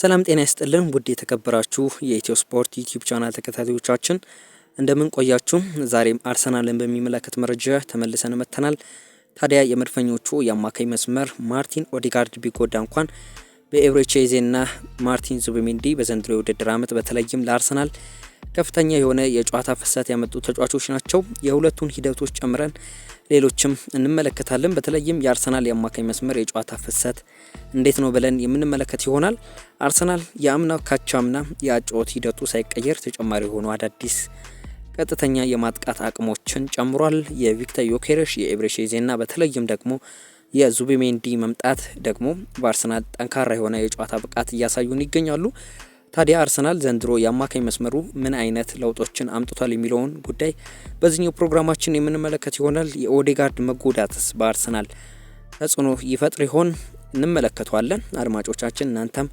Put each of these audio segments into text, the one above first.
ሰላም ጤና ይስጥልን ውድ የተከበራችሁ የኢትዮ ስፖርት ዩቲዩብ ቻናል ተከታታዮቻችን እንደምን ቆያችሁ? ዛሬም አርሰናልን በሚመለከት መረጃ ተመልሰን መጥተናል። ታዲያ የመድፈኞቹ የአማካኝ መስመር ማርቲን ኦዲጋርድ ቢጎዳ እንኳን በኤብሬቼዜና ማርቲን ዙብሚንዲ በዘንድሮ የውድድር ዓመት በተለይም ለአርሰናል ከፍተኛ የሆነ የጨዋታ ፍሰት ያመጡ ተጫዋቾች ናቸው። የሁለቱን ሂደቶች ጨምረን ሌሎችም እንመለከታለን። በተለይም የአርሰናል የአማካኝ መስመር የጨዋታ ፍሰት እንዴት ነው ብለን የምንመለከት ይሆናል። አርሰናል የአምና ካቻምና የአጨዋወት ሂደቱ ሳይቀየር ተጨማሪ የሆኑ አዳዲስ ቀጥተኛ የማጥቃት አቅሞችን ጨምሯል። የቪክተር ዮኬሬሽ፣ ዜና በተለይም ደግሞ የዙቢሜንዲ መምጣት ደግሞ በአርሰናል ጠንካራ የሆነ የጨዋታ ብቃት እያሳዩን ይገኛሉ። ታዲያ አርሰናል ዘንድሮ የአማካኝ መስመሩ ምን አይነት ለውጦችን አምጥቷል የሚለውን ጉዳይ በዚህኛው ፕሮግራማችን የምንመለከት ይሆናል። የኦዴጋርድ መጎዳትስ በአርሰናል ተጽዕኖ ይፈጥር ይሆን? እንመለከተዋለን። አድማጮቻችን እናንተም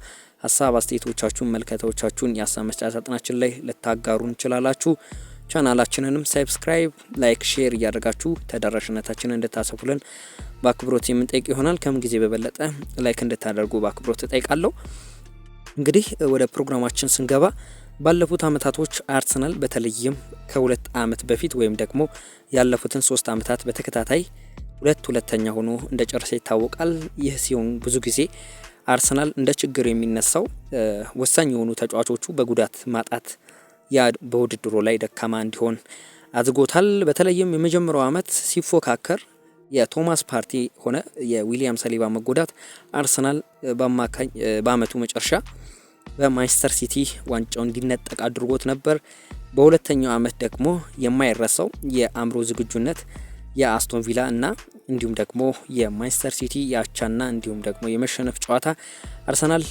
ሀሳብ አስተያየቶቻችሁን፣ መልከታዎቻችሁን የሀሳብ መስጫ ሳጥናችን ላይ ልታጋሩ እንችላላችሁ። ቻናላችንንም ሳብስክራይብ፣ ላይክ፣ ሼር እያደረጋችሁ ተደራሽነታችንን እንድታሰፉልን በአክብሮት የምንጠይቅ ይሆናል። ከምን ጊዜ በበለጠ ላይክ እንድታደርጉ በአክብሮት እጠይቃለሁ። እንግዲህ ወደ ፕሮግራማችን ስንገባ ባለፉት አመታቶች አርሰናል በተለይም ከሁለት አመት በፊት ወይም ደግሞ ያለፉትን ሶስት አመታት በተከታታይ ሁለት ሁለተኛ ሆኖ እንደ ይታወቃል። ይህ ሲሆን ብዙ ጊዜ አርሰናል እንደ ችግር የሚነሳው ወሳኝ የሆኑ ተጫዋቾቹ በጉዳት ማጣት ያ በውድድሩ ላይ ደካማ እንዲሆን አድርጎታል። በተለይም የመጀመሪያው አመት ሲፎካከር የቶማስ ፓርቲ ሆነ የዊሊያም ሰሊባ መጎዳት አርሰናል በአማካኝ በአመቱ መጨረሻ በማንቸስተር ሲቲ ዋንጫውን እንዲነጠቅ አድርጎት ነበር። በሁለተኛው ዓመት ደግሞ የማይረሳው የአእምሮ ዝግጁነት የአስቶን ቪላ እና እንዲሁም ደግሞ የማንቸስተር ሲቲ የአቻና እንዲሁም ደግሞ የመሸነፍ ጨዋታ አርሰናል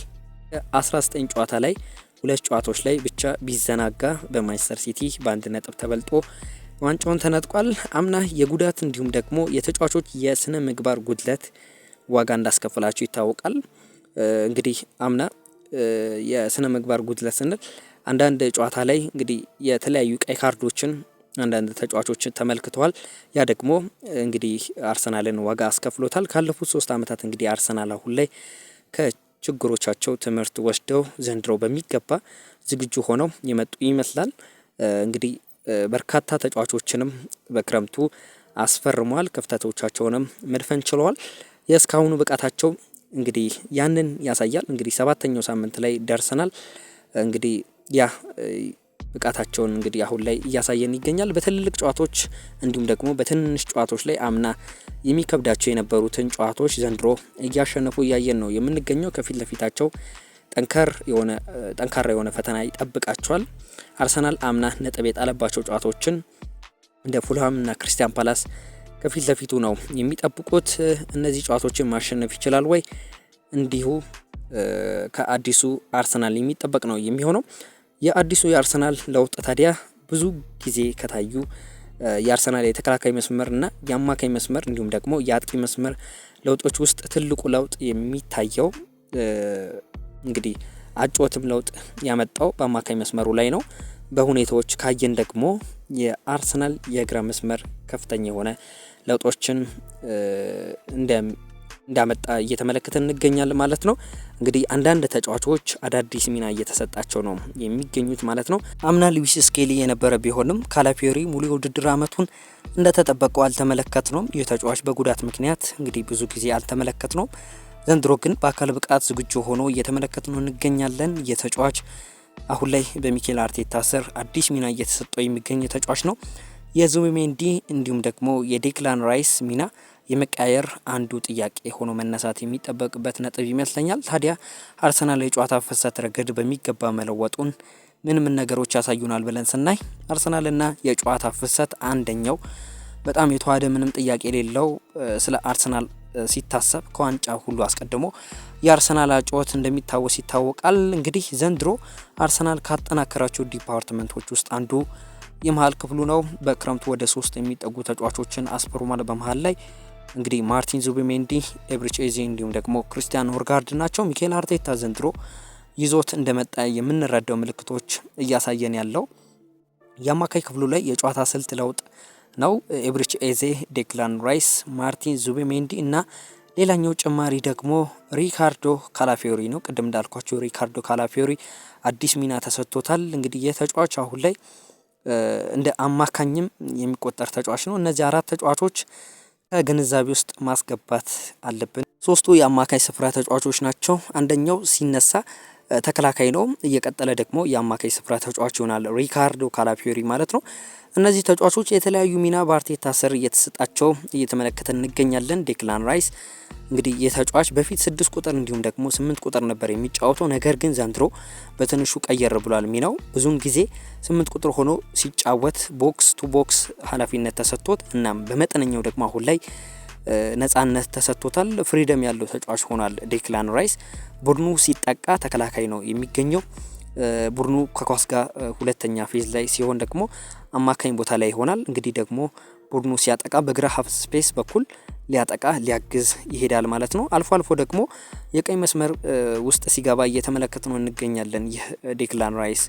19 ጨዋታ ላይ ሁለት ጨዋታዎች ላይ ብቻ ቢዘናጋ በማንቸስተር ሲቲ በአንድ ነጥብ ተበልጦ ዋንጫውን ተነጥቋል። አምና የጉዳት እንዲሁም ደግሞ የተጫዋቾች የስነ ምግባር ጉድለት ዋጋ እንዳስከፈላቸው ይታወቃል። እንግዲህ አምና የስነ ምግባር ጉድለት ስንል አንዳንድ ጨዋታ ላይ እንግዲህ የተለያዩ ቀይ ካርዶችን አንዳንድ ተጫዋቾች ተመልክተዋል። ያ ደግሞ እንግዲህ አርሰናልን ዋጋ አስከፍሎታል። ካለፉት ሶስት አመታት እንግዲህ አርሰናል አሁን ላይ ከችግሮቻቸው ትምህርት ወስደው ዘንድሮ በሚገባ ዝግጁ ሆነው የመጡ ይመስላል። እንግዲህ በርካታ ተጫዋቾችንም በክረምቱ አስፈርሟል። ክፍተቶቻቸውንም መድፈን ችለዋል። የእስካሁኑ ብቃታቸው እንግዲህ ያንን ያሳያል። እንግዲህ ሰባተኛው ሳምንት ላይ ደርሰናል። እንግዲህ ያ ብቃታቸውን እንግዲህ አሁን ላይ እያሳየን ይገኛል። በትልልቅ ጨዋታዎች እንዲሁም ደግሞ በትንንሽ ጨዋታዎች ላይ አምና የሚከብዳቸው የነበሩትን ጨዋታዎች ዘንድሮ እያሸነፉ እያየን ነው የምንገኘው። ከፊት ለፊታቸው ጠንከር የሆነ ጠንካራ የሆነ ፈተና ይጠብቃቸዋል። አርሰናል አምና ነጥብ የጣለባቸው ጨዋታዎችን እንደ እና ክርስቲያን ፓላስ ከፊት ለፊቱ ነው የሚጠብቁት። እነዚህ ጨዋታዎችን ማሸነፍ ይችላል ወይ? እንዲሁ ከአዲሱ አርሰናል የሚጠበቅ ነው የሚሆነው። የአዲሱ የአርሰናል ለውጥ ታዲያ ብዙ ጊዜ ከታዩ የአርሰናል የተከላካይ መስመርና የአማካኝ መስመር እንዲሁም ደግሞ የአጥቂ መስመር ለውጦች ውስጥ ትልቁ ለውጥ የሚታየው እንግዲህ አጮትም ለውጥ ያመጣው በአማካኝ መስመሩ ላይ ነው። በሁኔታዎች ካየን ደግሞ የአርሰናል የግራ መስመር ከፍተኛ የሆነ ለውጦችን እንዳመጣ እየተመለከትን እንገኛለን ማለት ነው። እንግዲህ አንዳንድ ተጫዋቾች አዳዲስ ሚና እየተሰጣቸው ነው የሚገኙት ማለት ነው። አምና ሉዊስ ስኬሊ የነበረ ቢሆንም ካላፊዮሪ ሙሉ የውድድር አመቱን እንደተጠበቀው አልተመለከት ነው። ይህ ተጫዋች በጉዳት ምክንያት እንግዲህ ብዙ ጊዜ አልተመለከት ነው። ዘንድሮ ግን በአካል ብቃት ዝግጁ ሆኖ እየተመለከት ነው እንገኛለን የተጫዋች አሁን ላይ በሚኬል አርቴታ ስር አዲስ ሚና እየተሰጠው የሚገኝ ተጫዋች ነው። የዙቢሜንዲ እንዲሁም ደግሞ የዴክላን ራይስ ሚና የመቀያየር አንዱ ጥያቄ ሆኖ መነሳት የሚጠበቅበት ነጥብ ይመስለኛል። ታዲያ አርሰናል የጨዋታ ፍሰት ረገድ በሚገባ መለወጡን ምን ምን ነገሮች ያሳዩናል ብለን ስናይ አርሰናልና የጨዋታ ፍሰት አንደኛው በጣም የተዋደ ምንም ጥያቄ የሌለው ስለ አርሰናል ሲታሰብ ከዋንጫ ሁሉ አስቀድሞ የአርሰናል አጨዋወት እንደሚታወስ ይታወቃል። እንግዲህ ዘንድሮ አርሰናል ካጠናከራቸው ዲፓርትመንቶች ውስጥ አንዱ የመሀል ክፍሉ ነው። በክረምቱ ወደ ሶስት የሚጠጉ ተጫዋቾችን አስፈርሟል። በመሀል ላይ እንግዲህ ማርቲን ዙቢሜንዲ፣ ኤብሪቼዜ እንዲሁም ደግሞ ክርስቲያን ኖርጋርድ ናቸው። ሚኬል አርቴታ ዘንድሮ ይዞት እንደመጣ የምንረዳው ምልክቶች እያሳየን ያለው የአማካይ ክፍሉ ላይ የጨዋታ ስልት ለውጥ ነው። ኤብሪች ኤዜ፣ ዴክላን ራይስ፣ ማርቲን ዙቤሜንዲ እና ሌላኛው ጭማሪ ደግሞ ሪካርዶ ካላፊዮሪ ነው። ቅድም እንዳልኳቸው ሪካርዶ ካላፊዮሪ አዲስ ሚና ተሰጥቶታል። እንግዲህ የተጫዋች አሁን ላይ እንደ አማካኝም የሚቆጠር ተጫዋች ነው። እነዚህ አራት ተጫዋቾች ከግንዛቤ ውስጥ ማስገባት አለብን። ሶስቱ የአማካኝ ስፍራ ተጫዋቾች ናቸው። አንደኛው ሲነሳ ተከላካይ ነው። እየቀጠለ ደግሞ የአማካይ ስፍራ ተጫዋች ይሆናል ሪካርዶ ካላፒዮሪ ማለት ነው። እነዚህ ተጫዋቾች የተለያዩ ሚና በአርቴታ ስር እየተሰጣቸው እየተመለከተን እንገኛለን። ዴክላን ራይስ እንግዲህ የተጫዋች በፊት ስድስት ቁጥር እንዲሁም ደግሞ ስምንት ቁጥር ነበር የሚጫወተው። ነገር ግን ዘንድሮ በትንሹ ቀየር ብሏል ሚናው። ብዙውን ጊዜ ስምንት ቁጥር ሆኖ ሲጫወት ቦክስ ቱ ቦክስ ኃላፊነት ተሰጥቶት እናም በመጠነኛው ደግሞ አሁን ላይ ነጻነት ተሰጥቶታል። ፍሪደም ያለው ተጫዋች ሆኗል። ዴክላን ራይስ ቡድኑ ሲጠቃ ተከላካይ ነው የሚገኘው። ቡድኑ ከኳስ ጋር ሁለተኛ ፌዝ ላይ ሲሆን ደግሞ አማካኝ ቦታ ላይ ይሆናል። እንግዲህ ደግሞ ቡድኑ ሲያጠቃ በግራ ሀፍ ስፔስ በኩል ሊያጠቃ ሊያግዝ ይሄዳል ማለት ነው። አልፎ አልፎ ደግሞ የቀኝ መስመር ውስጥ ሲገባ እየተመለከት ነው እንገኛለን። ይህ ዴክላን ራይስ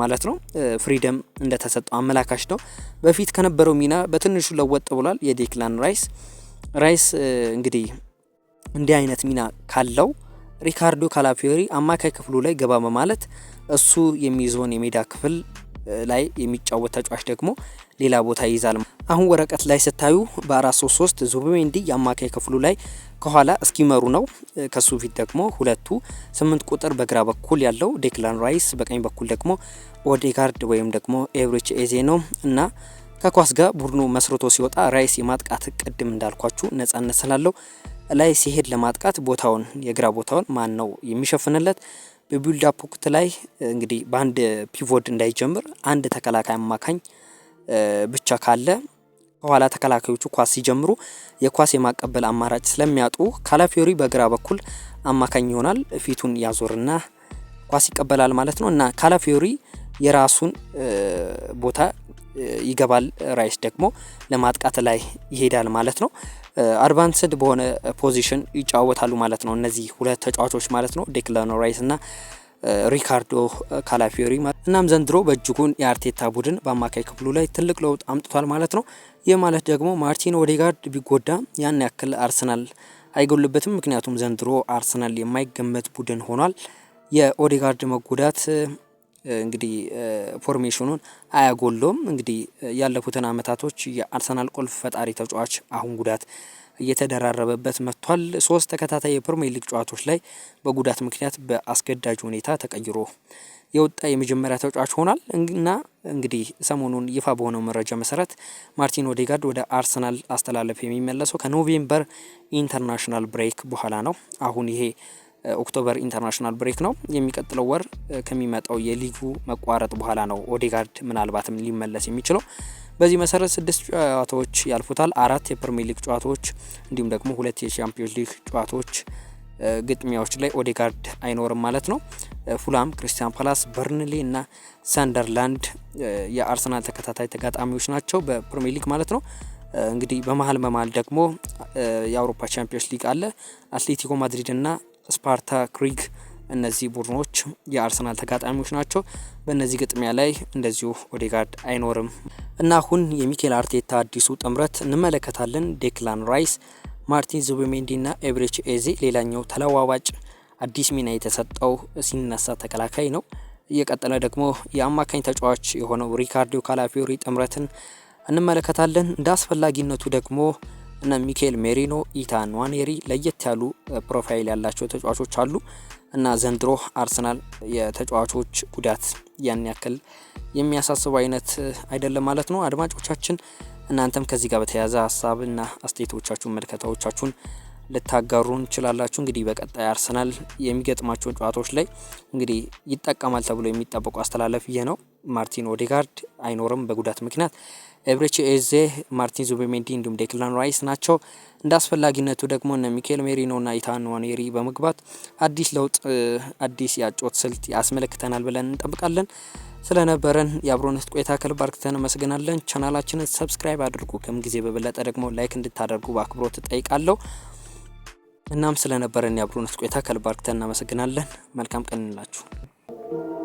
ማለት ነው። ፍሪደም እንደተሰጠው አመላካች ነው። በፊት ከነበረው ሚና በትንሹ ለወጥ ብሏል የዴክላን ራይስ ራይስ እንግዲህ እንዲህ አይነት ሚና ካለው ሪካርዶ ካላፊዮሪ አማካይ ክፍሉ ላይ ገባ በማለት እሱ የሚይዘውን የሜዳ ክፍል ላይ የሚጫወት ተጫዋች ደግሞ ሌላ ቦታ ይይዛል። አሁን ወረቀት ላይ ስታዩ በ433 ዙቢሜንዲ የአማካይ ክፍሉ ላይ ከኋላ እስኪመሩ ነው። ከሱ ፊት ደግሞ ሁለቱ ስምንት ቁጥር በግራ በኩል ያለው ዴክላን ራይስ፣ በቀኝ በኩል ደግሞ ኦዴጋርድ ወይም ደግሞ ኤብሪች ኤዜ ነው እና ከኳስ ጋር ቡድኑ መስርቶ ሲወጣ ራይስ የማጥቃት ቅድም እንዳልኳችሁ ነጻነት ስላለው ላይ ሲሄድ ለማጥቃት ቦታውን የግራ ቦታውን ማን ነው የሚሸፍንለት? በቢልድ አፕ ወቅት ላይ እንግዲህ በአንድ ፒቮድ እንዳይጀምር አንድ ተከላካይ አማካኝ ብቻ ካለ ከኋላ ተከላካዮቹ ኳስ ሲጀምሩ የኳስ የማቀበል አማራጭ ስለሚያጡ ካላፊዮሪ በግራ በኩል አማካኝ ይሆናል። ፊቱን ያዞርና ኳስ ይቀበላል ማለት ነው እና ካላፊዮሪ የራሱን ቦታ ይገባል። ራይስ ደግሞ ለማጥቃት ላይ ይሄዳል ማለት ነው። አድቫንስድ በሆነ ፖዚሽን ይጫወታሉ ማለት ነው እነዚህ ሁለት ተጫዋቾች ማለት ነው ዴክላን ራይስ እና ሪካርዶ ካላፊዮሪ። እናም ዘንድሮ በእጅጉን የአርቴታ ቡድን በአማካይ ክፍሉ ላይ ትልቅ ለውጥ አምጥቷል ማለት ነው። ይህ ማለት ደግሞ ማርቲን ኦዴጋርድ ቢጎዳ ያን ያክል አርሰናል አይጎልበትም። ምክንያቱም ዘንድሮ አርሰናል የማይገመት ቡድን ሆኗል። የኦዴጋርድ መጎዳት እንግዲህ ፎርሜሽኑን አያጎሎም። እንግዲህ ያለፉትን አመታቶች የአርሰናል ቁልፍ ፈጣሪ ተጫዋች አሁን ጉዳት እየተደራረበበት መጥቷል። ሶስት ተከታታይ የፕሪሚየር ሊግ ጨዋታዎች ላይ በጉዳት ምክንያት በአስገዳጅ ሁኔታ ተቀይሮ የወጣ የመጀመሪያ ተጫዋች ሆኗል እና እንግዲህ ሰሞኑን ይፋ በሆነው መረጃ መሰረት ማርቲን ኦዴጋርድ ወደ አርሰናል አስተላለፍ የሚመለሰው ከኖቬምበር ኢንተርናሽናል ብሬክ በኋላ ነው። አሁን ይሄ ኦክቶበር ኢንተርናሽናል ብሬክ ነው። የሚቀጥለው ወር ከሚመጣው የሊጉ መቋረጥ በኋላ ነው ኦዴጋርድ ምናልባትም ሊመለስ የሚችለው። በዚህ መሰረት ስድስት ጨዋታዎች ያልፉታል። አራት የፕሪሚየር ሊግ ጨዋታዎች እንዲሁም ደግሞ ሁለት የቻምፒዮንስ ሊግ ጨዋታዎች ግጥሚያዎች ላይ ኦዴጋርድ አይኖርም ማለት ነው። ፉላም፣ ክሪስቲያን ፓላስ፣ በርንሌ እና ሳንደርላንድ የአርሰናል ተከታታይ ተጋጣሚዎች ናቸው በፕሪሚየር ሊግ ማለት ነው። እንግዲህ በመሀል በመሀል ደግሞ የአውሮፓ ቻምፒዮንስ ሊግ አለ። አትሌቲኮ ማድሪድ እና ስፓርታ ክሪግ እነዚህ ቡድኖች የአርሰናል ተጋጣሚዎች ናቸው። በእነዚህ ግጥሚያ ላይ እንደዚሁ ኦዴጋርድ አይኖርም እና አሁን የሚኬል አርቴታ አዲሱ ጥምረት እንመለከታለን። ዴክላን ራይስ፣ ማርቲን ዙቢሜንዲ ና ኤብሬች ኤዜ ሌላኛው ተለዋዋጭ አዲስ ሚና የተሰጠው ሲነሳ ተከላካይ ነው። እየቀጠለ ደግሞ የአማካኝ ተጫዋች የሆነው ሪካርዶ ካላፊዮሪ ጥምረትን እንመለከታለን። እንደ አስፈላጊነቱ ደግሞ እና ሚኬል ሜሪኖ፣ ኢታን ዋኔሪ ለየት ያሉ ፕሮፋይል ያላቸው ተጫዋቾች አሉ እና ዘንድሮ አርሰናል የተጫዋቾች ጉዳት ያን ያክል የሚያሳስብ አይነት አይደለም ማለት ነው። አድማጮቻችን እናንተም ከዚህ ጋር በተያያዘ ሀሳብና አስተያየቶቻችሁን መልከታዎቻችሁን ልታጋሩ እንችላላችሁ። እንግዲህ በቀጣይ አርሰናል የሚገጥማቸው ጨዋታዎች ላይ እንግዲህ ይጠቀማል ተብሎ የሚጠበቁ አስተላለፍ ይህ ነው። ማርቲን ኦዴጋርድ አይኖርም በጉዳት ምክንያት። ኤብሬች ኤዜ፣ ማርቲን ዙቤሜንዲ እንዲሁም ዴክላን ራይስ ናቸው። እንደ አስፈላጊነቱ ደግሞ እነ ሚካኤል ሜሪኖ ና ኢታን ዋኔሪ በመግባት አዲስ ለውጥ አዲስ የአጮት ስልት ያስመለክተናል ብለን እንጠብቃለን። ስለነበረን የአብሮነት ቆይታ ከልብ አርክተን አመሰግናለን። ቻናላችንን ሰብስክራይብ አድርጉ። ከምን ጊዜ በበለጠ ደግሞ ላይክ እንድታደርጉ በአክብሮት እጠይቃለሁ። እናም ስለነበረን የአብሮነት ቆይታ ከልብ እናመሰግናለን። መልካም ቀን እንላችሁ።